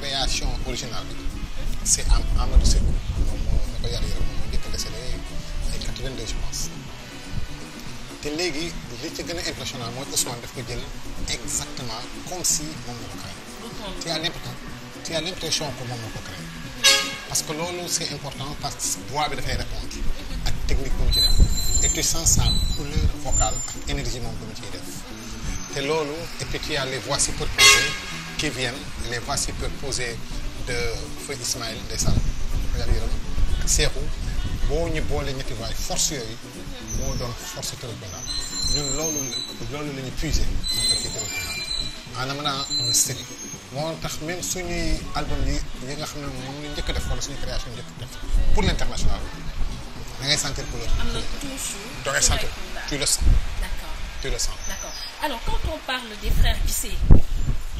création originale bi c' est Amadou Sékou moom moo na ko yàlla yërëm moom moo njëkk a décédé ay 82 je pense te léegi li ci gën a impressionnant mooy Ousmane daf ko jël exactement comme si moom moo ko créé. tu as l'impression tu as l'impression que moom moo ko créé parce que loolu c' est important parce que voix bi dafay répondre ak technique bu mu ci def et tu sens sa couleur vocale ak énergie moom bu mu ciy def te loolu et puis tu as les voix superposées qui viennent. Les voici proposées de Feu Ismaël Ndeye Sall yaram seexu boo ñu boole ñetti waay force yooyu moo doon force Tambacounda ñun loolu loolu la ñu puiser en tant que Tambacounda en amenant moo tax même suñuy album yi yi nga xam ne moom la njëkk def wala suñu création njëkk def pour l' international da ngay sentir couleur. am na toujours. da ngay sentir tu le sens. d' accord tu le sens. d' accord alors quand on parle des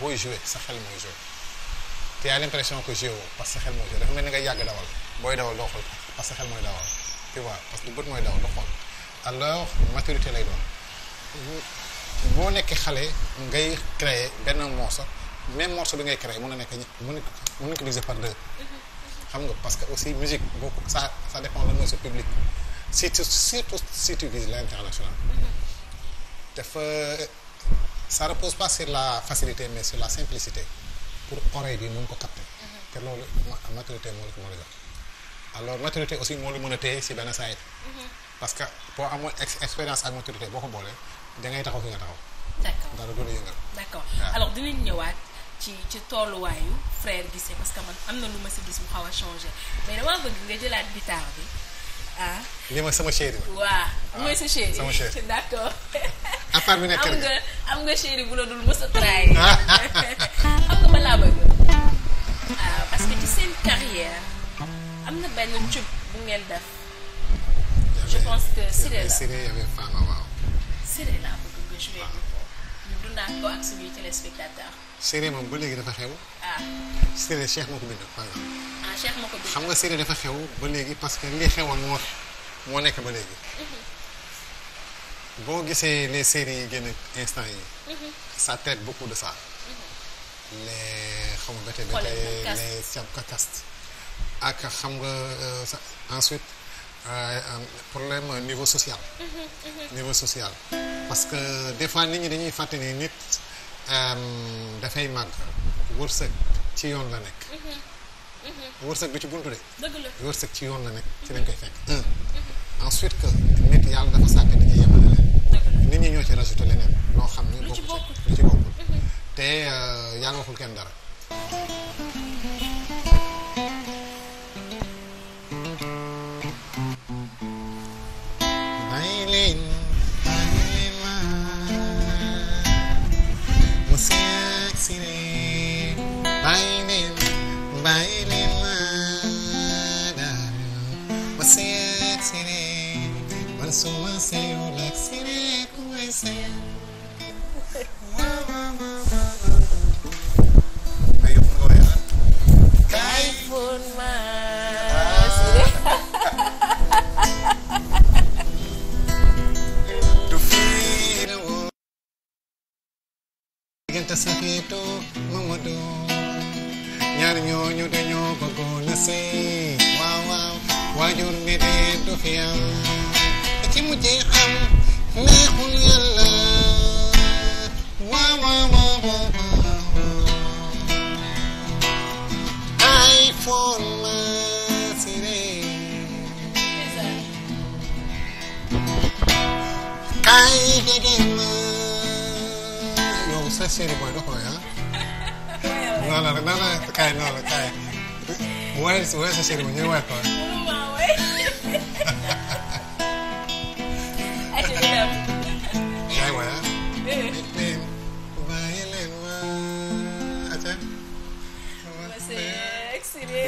booy joué sa xel mooy joué te yaa l'impression que joué woo parce que xel mooy joué dafa mel ni nga yàgg dawal booy dawal doo xool parce que xel mooy dawal tu parce que bët mooy dawal doo xool alors maturité lay doon boo nekkee xale ngay créer benn morceau même morceau bi ngay créer mën na nekk mën na mën ko xam nga parce que aussi musique beaucoup ça ça dépend lan mooy sa public surtout surtout si tu vises l'international dafa ça repose pas la facilité mais sur la simplicité pour oreille bi mun ko capter. Mhm. te loolu maturité moo la moo la jox alors maturité aussi moo la mën a téye si benn saa mhm. parce que boo amoon expérience ak maturité boo ko boolee dangay ngay taxaw fi nga taxaw. d'accord dara yëngal. d'accord alors dinañ ñëwaat ci ci tolluwaayu frère Guissé parce que man am na lu ma si gis mu xaw a changé mais damaa bëgg nga jëlaat guitare bi ah. li ma sama chéri. waaw mooy ah, sa chéri. sama chéri d'accord. affaire bi nekk am nga am bu la dul mës a trahi xam nga bëgg waaw ah, parce que ci seen carrière am na benn bu ngeen def je pense que Siré waaw Siré laa bëgg nga joué ko ñu moom ba léegi dafa xew ah Siré ah, nga Siré dafa xew ba léegi parce que li xewoon moo moo nekk ba léegi mhm. boo gisee les séries yi génne instant yi mhm. ça traite beaucoup de ça mhm. les xam nga bété bété les Siamkakast ak xam nga euh, ensuite euh, problème niveau social mhm, niveau social parce que des fois nit ñi dañuy fàtte nit euh, dafay màgg wërsëg ci yoon la nekk wërsëg bi ci buntu de wërsëg ci yoon la nekk ci lañ koy fekk ensuite que nit yàlla dafa sàkk nit ñi yemale nit ñi ñoo ci rajouté leneen loo xam ni bokku ci lu mhm. te euh, yàlla waxul kenn dara Sexy, but it's so unstable. saying? iPhone Mas. To feel diggante Sakito Mamadou ñaar ñooñu dañoo bëggoon a sëy waaw waaw waajur mbir du fi am ci mujjee am. neexul yàlla waaw waaw waaw ay foon ma si ree kay di dem yow sa série booy doxoo yaa non non non non kay non non kay bu waree bu waree sa série booy ñu war ko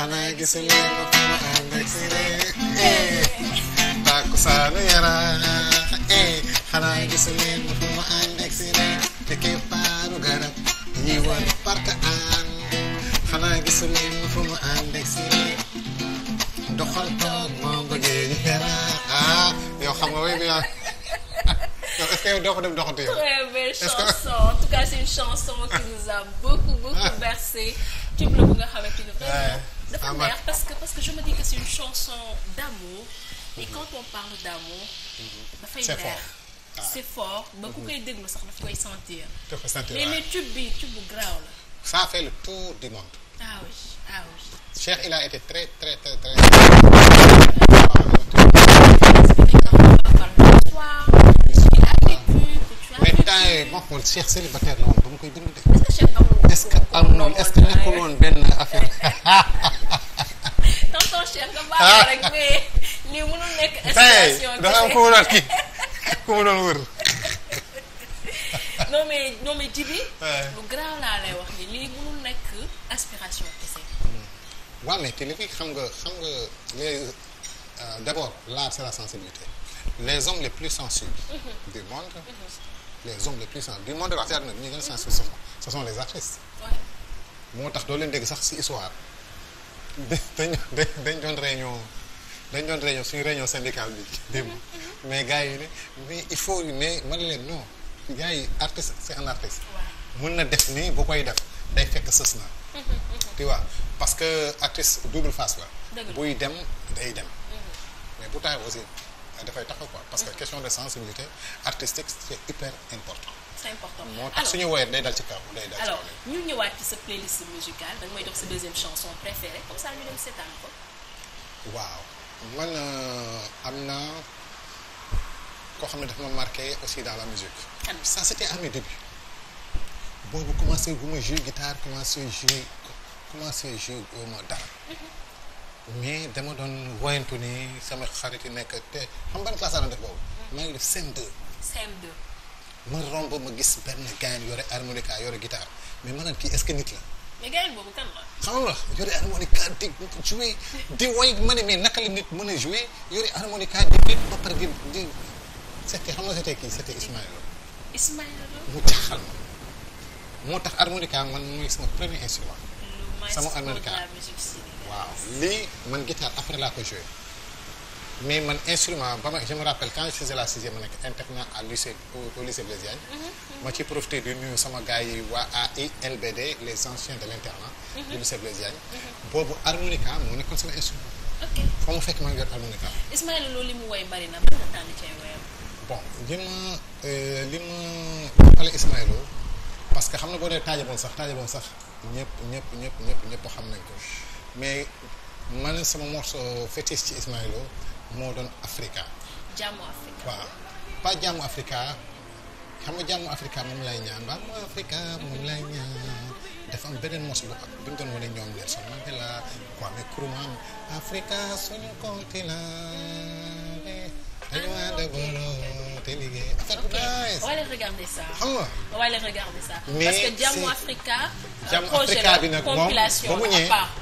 xanaa gis leen ma fa ma ànd ak si dee eh. takkusaanu yaraax xanaa eh. gis leen ma fa ma ànd ak si dee te keppaaru garab ñi woon park ànd xanaa gis leen ma fa ma ànd ak si dee doxal toog moom bëggee ñu yaraax ah. yow xam nga way bi yaa est-ce que doo ko dem doxatu yow. très belle chanson en tout cas c'est une chanson qui nous a beaucoup beaucoup ah. bercé. jublu bu nga xamante ni. dafa neex parce que parce que je me dis que c'est une chanson d'amour et quand on parle d'amour mhm. dafay neex ah. c'est fort ba ku koy mhm. déglu sax daf koy sentir mais mais tube bi tube bu graaw la ça fait le tour du monde ah oui ah oui Cheikh il a été très très très très euh, mais temps yooyu bon Cheikh célibataire la woon ba mu koy bind de est am na est-ce que nekkul benn affaire. tonton Cheikh nga baax rek lay wax ni lii mënul nekk aspiration kese. waaw hmm. mais te li fi xam nga xam nga les euh, d'abord l'art c'est la sensibilité les hommes les plus sensibles mhm. du monde. Mhm. les hommes les plus puissants du monde de la terre nag ñu gën a sensible ce les artistes. moo tax doo leen dégg sax ci histoire. dañ dañ dañ doon réunion dañ doon réunion suñu réunion syndicale bi mm-hmm, démb mm-hmm. mais gars yi ne mais il faut mais man leen non gars yi artiste c'est un artiste. mën na def nii bu koy def day fekk sës na. Mm-hmm, tu vois parce que artiste double face la. buy dem day dem. mais bu taay aussi. dafay taxaw quoi parce que question de sensibilité artistique c'est hyper important. moo tax suñu woyee day dal ci kaw day dal ci kaw ñu ñëwaat ci sa playlist musicale da nga may dox sa deuxième chanson préférée comme ko. waaw man euh, am na koo xam ne daf ma marqué aussi dans la musique. ça c'était à mes boobu commencé bu ma jouer guitare commencé jouer commencé jouer au ma dara. Mm-hmm. mais dama doon woyantu ni sama xarit yi nekk te xam ban classe la def boobu. Hmm. maa ngi def CM2. CM2. ma gis benn gain yore harmonica yore guitare mais man kii est-ce que nit la. mais gain boobu kan la. ma ne naka la nit mën a jouer yore harmonica di nit ba pare di di c'était xam nga c'était kii c'était Ismaël mu jaaxal ma moo tax harmonica man mooy sama premier instrument. sama harmonica. waaw lii man guitare après laa ko joué mais man instrument ba ma je me la sixième ma nekk internat à lycée au, au lycée Blaise Diagne mm-hmm, mm-hmm. ma ciy profité di nuyu sama gars yi waa AILBD les anciens de l'internat du mm-hmm. lycée Blaise Diagne boobu harmonica moo nekkoon sama instrument fa mu fekk maa ngi yor harmonica Ismaïla li mu woy bari na ban ma li ma xale euh, parce que xam na boo nee taajaboon sax taajaboon sax ñëpp ñëpp ñëpp ñëpp ñëpp xam nañ ko mais man sama morso fétiche ci Ismaïlo moo doon Africa. jàmmu Africa waaw pas jàmmu Africa xam nga jàmmu Africa moom lay ñaan ba mu dafa am beneen morceau bu ak doon wane ñoom Nelson Mandela Kwame Nkrumah Africa suñu continent dañu maa ah, déglu. te liggéey affaire bu nice. wala regarder ça. xam nga wala regarder ça. parce que Jammu Africa. Euh, Jammu Africa bi nag ba mu